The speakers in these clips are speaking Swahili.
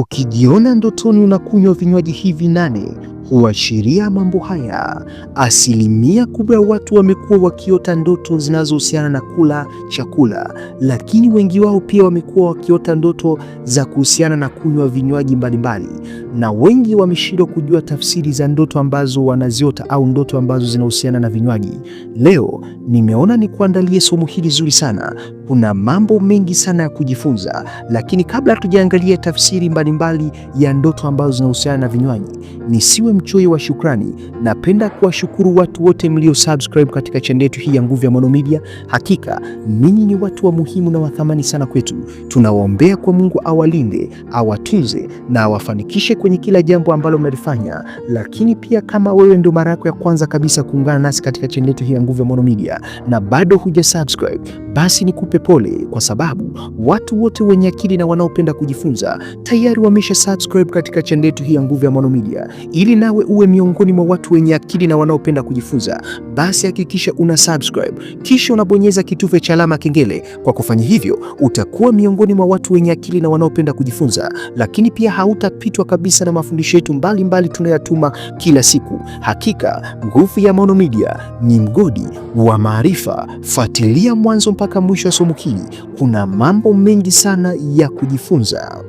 Ukijiona ndotoni unakunywa vinywaji hivi nane huashiria mambo haya. Asilimia kubwa ya watu wamekuwa wakiota ndoto zinazohusiana na kula chakula, lakini wengi wao pia wamekuwa wakiota ndoto za kuhusiana na kunywa vinywaji mbalimbali, na wengi wameshindwa kujua tafsiri za ndoto ambazo wanaziota au ndoto ambazo zinahusiana na vinywaji. Leo nimeona ni kuandalie somo hili zuri sana. Kuna mambo mengi sana ya kujifunza, lakini kabla tujaangalia tafsiri mbalimbali ya ndoto ambazo zinahusiana na vinywaji, nisiwe mchoyo wa shukrani, napenda kuwashukuru watu wote mlio subscribe katika chaneli yetu hii ya Nguvu ya Maono Media. Hakika ninyi ni watu wa muhimu na wathamani sana kwetu. Tunawaombea kwa Mungu awalinde, awatunze na awafanikishe kwenye kila jambo ambalo mnalifanya. Lakini pia kama wewe ndio mara yako ya kwanza kabisa kuungana nasi katika chaneli yetu hii ya Nguvu ya Maono Media na bado huja subscribe basi nikupe pole, kwa sababu watu wote wenye akili na wanaopenda kujifunza tayari wamesha subscribe katika channel yetu hii ya Nguvu ya Maono Media. Ili nawe uwe miongoni mwa watu wenye akili na wanaopenda kujifunza, basi hakikisha una subscribe kisha unabonyeza kitufe cha alama kengele. Kwa kufanya hivyo, utakuwa miongoni mwa watu wenye akili na wanaopenda kujifunza, lakini pia hautapitwa kabisa na mafundisho yetu mbalimbali tunayatuma kila siku. Hakika Nguvu ya Maono Media ni mgodi wa maarifa. Fuatilia mwanzo mpaka mwisho wa somo hili, kuna mambo mengi sana ya kujifunza.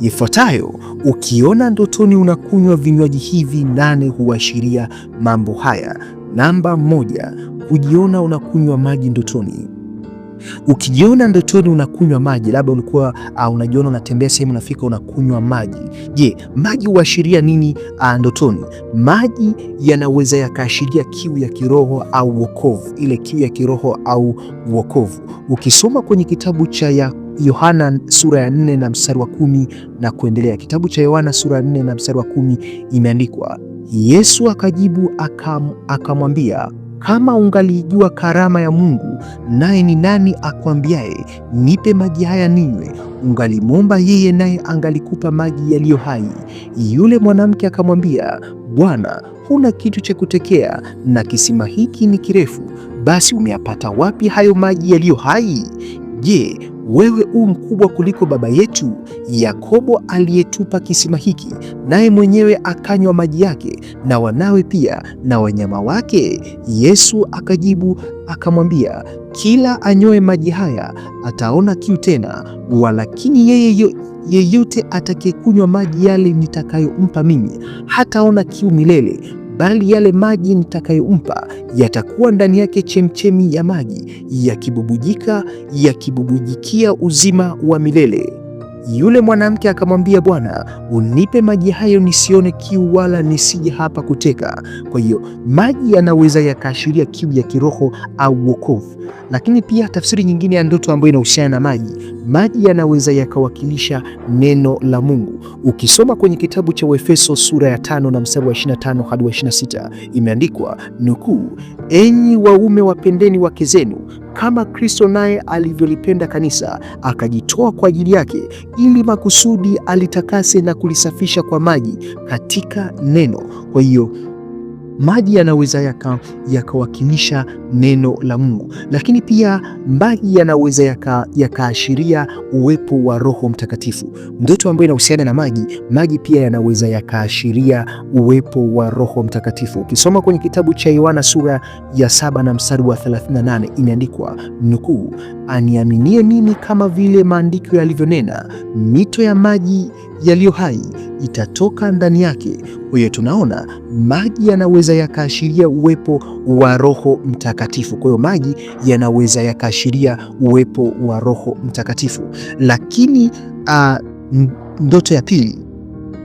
Ifuatayo, ukiona ndotoni unakunywa vinywaji hivi nane, huashiria mambo haya. Namba moja, kujiona unakunywa maji ndotoni. Ukijiona ndotoni unakunywa maji, labda ulikuwa uh, unajiona unatembea sehemu, unafika unakunywa maji. Je, maji huashiria nini uh, ndotoni? Maji yanaweza yakaashiria kiu ya kiroho au wokovu, ile kiu ya kiroho au wokovu. Ukisoma kwenye kitabu cha ya Yohana sura ya nne na mstari wa kumi na kuendelea, kitabu cha Yohana sura ya nne na mstari wa kumi imeandikwa Yesu akajibu akamwambia kama ungalijua karama ya Mungu, naye ni nani akwambiaye nipe maji haya ninywe, ungalimwomba yeye, naye angalikupa maji yaliyo hai. Yule mwanamke akamwambia, Bwana, huna kitu cha kutekea, na kisima hiki ni kirefu, basi umeyapata wapi hayo maji yaliyo hai? Je, wewe u mkubwa kuliko baba yetu Yakobo aliyetupa kisima hiki, naye mwenyewe akanywa maji yake, na wanawe pia na wanyama wake? Yesu akajibu akamwambia, kila anyoe maji haya ataona kiu tena, walakini yeye yeyote atakayekunywa maji yale nitakayompa mimi hataona kiu milele bali yale maji nitakayompa yatakuwa ndani yake chemchemi ya maji yakibubujika yakibubujikia uzima wa milele. Yule mwanamke akamwambia, Bwana, unipe maji hayo nisione kiu wala nisije hapa kuteka. Kwa hiyo maji yanaweza yakaashiria kiu ya kiroho au wokovu, lakini pia tafsiri nyingine ya ndoto ambayo inahusiana na maji maji yanaweza yakawakilisha neno la Mungu. Ukisoma kwenye kitabu cha Waefeso sura ya tano na mstari wa 25 hadi wa 26, imeandikwa nukuu, enyi waume wapendeni wake zenu kama Kristo naye alivyolipenda kanisa akajitoa kwa ajili yake, ili makusudi alitakase na kulisafisha kwa maji katika neno. Kwa hiyo Maji yanaweza yakawakilisha yaka neno la Mungu, lakini pia maji yanaweza yakaashiria yaka uwepo wa Roho Mtakatifu. Ndoto ambayo inahusiana na maji, maji pia yanaweza yakaashiria uwepo wa Roho Mtakatifu. Ukisoma kwenye kitabu cha Yohana sura ya saba na mstari wa 38 imeandikwa nukuu, aniaminie mimi kama vile maandiko yalivyonena, mito ya maji yaliyo hai itatoka ndani yake kwa hiyo tunaona maji yanaweza yakaashiria uwepo wa Roho Mtakatifu. Kwa hiyo maji yanaweza yakaashiria uwepo wa Roho Mtakatifu, lakini uh, ndoto ya pili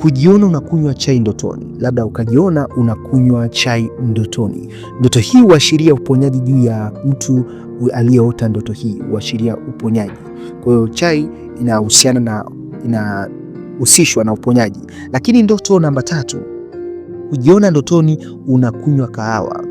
kujiona unakunywa chai ndotoni, labda ukajiona unakunywa chai ndotoni. Ndoto hii huashiria uponyaji juu ya mtu aliyeota ndoto hii, huashiria uponyaji. Kwa hiyo chai inahusiana na inahusishwa na uponyaji. Lakini ndoto namba tatu hujiona ndotoni unakunywa kahawa.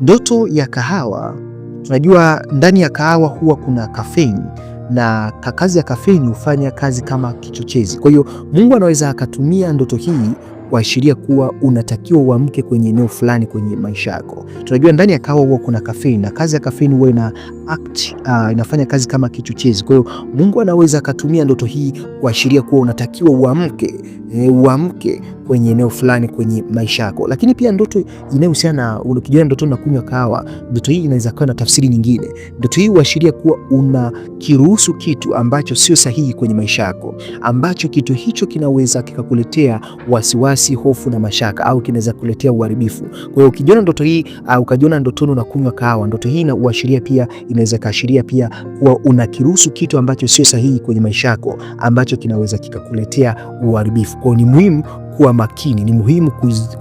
Ndoto ya kahawa, tunajua ndani ya kahawa huwa kuna kafeini na kazi ya kafeini hufanya kazi kama kichochezi. Kwa hiyo Mungu anaweza akatumia ndoto hii kuashiria kuwa unatakiwa uamke kwenye eneo fulani kwenye maisha yako. Tunajua ndani ya kahawa huwa kuna kafeini na kazi ya kafeini huwa ina act, uh, inafanya kazi kama kichochezi. Kwa hiyo Mungu anaweza akatumia ndoto hii kuashiria kuwa unatakiwa uamke, eh, uamke kwenye eneo fulani kwenye maisha yako. Lakini pia ndoto inayohusiana na kijana, ndoto na kunywa kahawa, ndoto hii inaweza kuwa na tafsiri nyingine. Ndoto hii huashiria kuwa unakiruhusu kitu ambacho sio sahihi kwenye maisha yako, ambacho kitu hicho kinaweza kikakuletea wasiwasi, hofu na mashaka, au kinaweza kuletea uharibifu. Kwa hiyo ukijiona ndoto hii, uh, ukajiona ndotoni unakunywa kahawa, ndoto hii inaashiria pia inaweza kaashiria pia kuwa unakiruhusu kitu ambacho sio sahihi kwenye maisha yako ambacho kinaweza kikakuletea uharibifu. Kwao ni muhimu kuwa makini, ni muhimu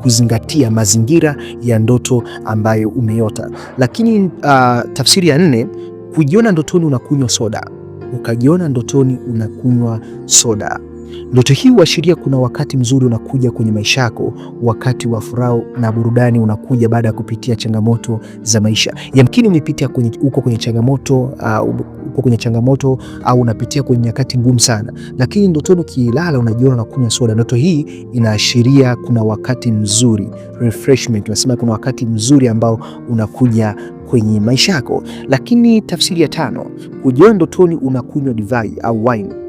kuzingatia mazingira ya ndoto ambayo umeota. Lakini uh, tafsiri ya nne, kujiona ndotoni unakunywa soda, ukajiona ndotoni unakunywa soda. Ndoto hii huashiria kuna wakati mzuri unakuja kwenye maisha yako, wakati wa furaha na burudani unakuja baada ya kupitia changamoto za maisha. Yamkini umepitia kwenye, uko kwenye changamoto uh, uko kwenye changamoto au uh, unapitia kwenye nyakati ngumu sana, lakini ndotoni ukilala unajiona kunywa soda. Ndoto hii inaashiria kuna wakati mzuri refreshment, unasema kuna wakati mzuri ambao unakuja kwenye maisha yako. Lakini tafsiri ya tano, hujiona ndotoni unakunywa divai au wine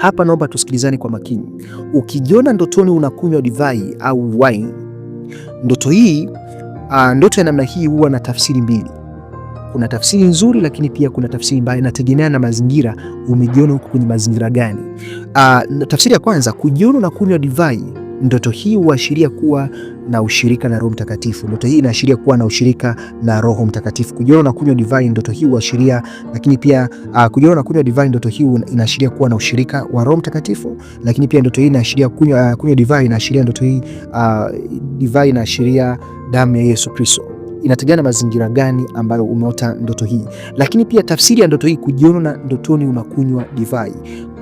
hapa naomba tusikilizane kwa makini. Ukijiona ndotoni unakunywa divai au wine, ndoto hii uh, ndoto ya namna hii huwa na tafsiri mbili. Kuna tafsiri nzuri, lakini pia kuna tafsiri mbaya, inategemea na mazingira. Umejiona huko kwenye mazingira gani? Uh, tafsiri ya kwanza, kujiona unakunywa divai Ndoto hii huashiria kuwa na ushirika na Roho Mtakatifu. Ndoto hii inaashiria kuwa na ushirika na Roho Mtakatifu. Kujiona na kunywa divai, ndoto hii huashiria lakini pia uh, kujiona na kunywa divai, ndoto hii inaashiria kuwa na ushirika wa Roho Mtakatifu, lakini pia ndoto hii inaashiria kunywa uh, kunywa divai inaashiria ndoto hii uh, divai inaashiria damu ya Yesu Kristo inategemea na mazingira gani ambayo umeota ndoto hii. Lakini pia tafsiri ya ndoto hii, kujiona na ndotoni unakunywa divai.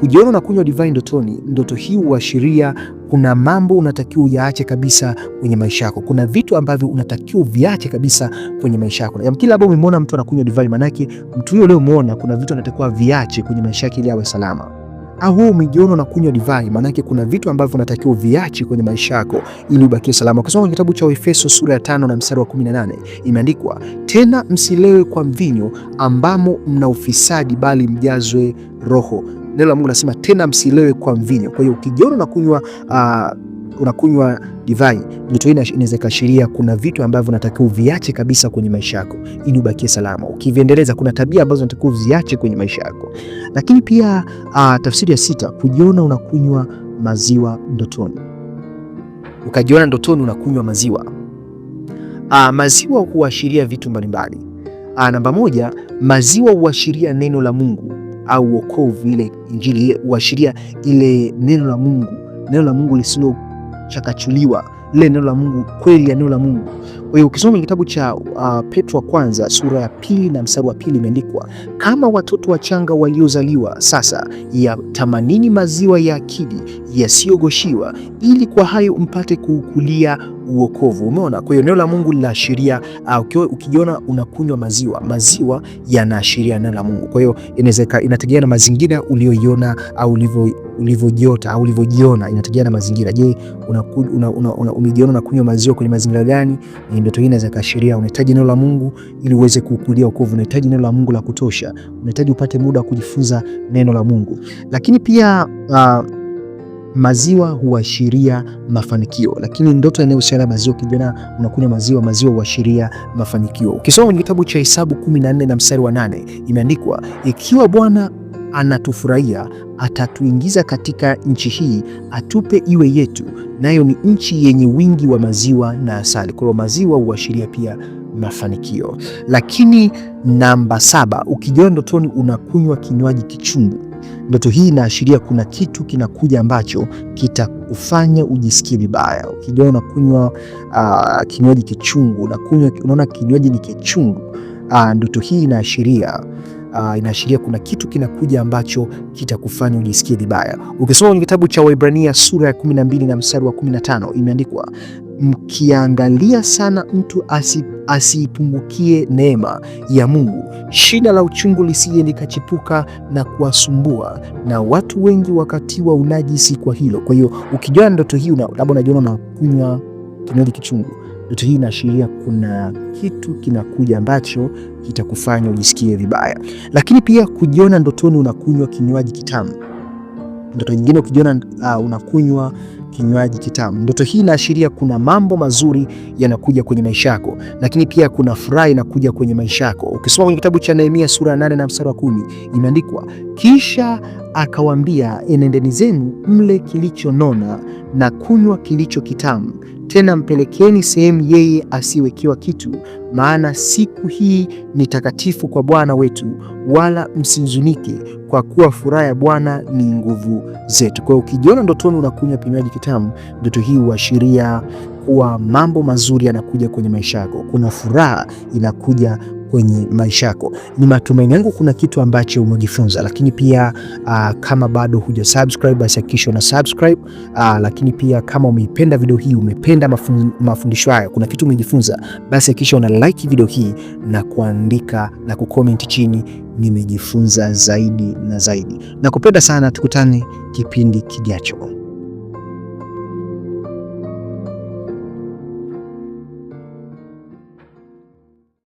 Kujiona unakunywa divai ndotoni, ndoto hii huashiria kuna mambo unatakiwa uyaache kabisa kwenye maisha yako. Kuna vitu ambavyo unatakiwa viache kabisa kwenye maisha yako. Kila ambao umemwona mtu anakunywa divai, maanake mtu huyo leo umeona kuna vitu anatakiwa viache kwenye maisha yake ili awe salama au wewe umejiona na kunywa divai, maanake kuna vitu ambavyo unatakiwa viachi kwenye maisha yako ili ubakie salama. Ukisoma kwenye kitabu cha Waefeso sura ya tano na mstari wa 18 imeandikwa, tena msilewe kwa mvinyo ambamo mna ufisadi, bali mjazwe Roho. Neno la Mungu nasema tena msilewe kwa mvinyo. Kwa hiyo ukijiona na kunywa uh, unakunywa divai, joto hili inaweza ikaashiria kuna vitu ambavyo unatakiwa uviache kabisa kwenye maisha yako ili ubakie salama. Ukiviendeleza, kuna tabia ambazo unatakiwa uziache kwenye maisha yako. Lakini pia uh, tafsiri ya sita, kujiona unakunywa maziwa ndotoni, ukajiona ndotoni unakunywa maziwa. Uh, maziwa huashiria vitu mbalimbali. Ah, namba moja, maziwa huashiria neno la Mungu au wokovu, ile Injili huashiria ile neno la Mungu, neno la Mungu lisilo chakachuliwa, lile neno la Mungu, kweli ya neno la Mungu kwa hiyo ukisoma kitabu cha uh, Petro wa kwanza sura ya pili na mstari wa pili imeandikwa kama watoto wachanga waliozaliwa sasa, yatamanini maziwa ya akili yasiyogoshiwa, ili kwa hayo mpate kuukulia uokovu. Umeona? Kwa hiyo neno la Mungu linaashiria uh, ukijiona unakunywa maziwa, maziwa yanaashiria neno la Mungu. Kwa hiyo inaweza inategemea na mazingira uliyoiona au ulivyo ulivyojiota au ulivyojiona, inategemea na mazingira. Je, umejiona unakunywa maziwa kwenye mazingira gani? Ndoto hii inaweza kaashiria unahitaji neno la Mungu ili uweze kukulia wokovu, unahitaji neno la Mungu la kutosha, unahitaji upate muda wa kujifunza neno la Mungu. Lakini pia uh, maziwa huashiria mafanikio, lakini ndoto inayohusiana na maziwa, kijana unakunywa maziwa, maziwa huashiria mafanikio. Ukisoma kwenye kitabu cha Hesabu 14 na mstari wa 8 imeandikwa, ikiwa Bwana anatufurahia atatuingiza katika nchi hii, atupe iwe yetu, nayo ni nchi yenye wingi wa maziwa na asali. Kwa hiyo maziwa huashiria pia mafanikio. Lakini namba saba, ukijaa ndotoni unakunywa kinywaji kichungu. Ndoto hii inaashiria kuna kitu kinakuja ambacho kitakufanya ujisikie vibaya. Ukijaa unakunywa uh, kinywaji kichungu, unakunywa unaona kinywaji ni kichungu uh, ndoto hii inaashiria uh, inaashiria kuna kitu kinakuja ambacho kitakufanya ujisikie vibaya. Ukisoma kwenye kitabu cha Waibrania sura ya 12 na mstari wa 15 imeandikwa mkiangalia sana mtu asiipungukie neema ya Mungu, shina la uchungu lisije likachipuka na kuwasumbua, na watu wengi wakatiwa unajisi kwa hilo. Kwa hiyo ukijua ndoto hii, labda unajiona unakunywa kinywaji kichungu yote hii inaashiria kuna kitu kinakuja ambacho kitakufanya ujisikie vibaya. Lakini pia kujiona ndotoni unakunywa kinywaji kitamu, ndoto nyingine ukijiona uh, unakunywa kinywaji kitamu. Ndoto hii inaashiria kuna mambo mazuri yanakuja kwenye maisha yako, lakini pia kuna furaha inakuja kwenye maisha yako. Ukisoma kwenye kitabu cha Nehemia sura ya 8 na mstari wa kumi imeandikwa, kisha akawaambia, enendeni zenu mle kilichonona na kunywa kilicho kitamu tena mpelekeni sehemu yeye asiwekiwa kitu, maana siku hii ni takatifu kwa Bwana wetu, wala msinzunike, kwa kuwa furaha ya Bwana ni nguvu zetu. Kwa hiyo ukijiona ndotoni unakunywa kinywaji kitamu, ndoto hii huashiria kuwa mambo mazuri yanakuja kwenye maisha yako, kuna furaha inakuja kwenye maisha yako. Ni matumaini yangu kuna kitu ambacho umejifunza, lakini pia uh, kama bado huja subscribe basi hakikisha una subscribe. uh, lakini pia kama umeipenda video hii, umependa mafundisho haya, kuna kitu umejifunza, basi hakikisha una like video hii na kuandika na kucomment chini nimejifunza zaidi na zaidi. Nakupenda sana, tukutane kipindi kijacho.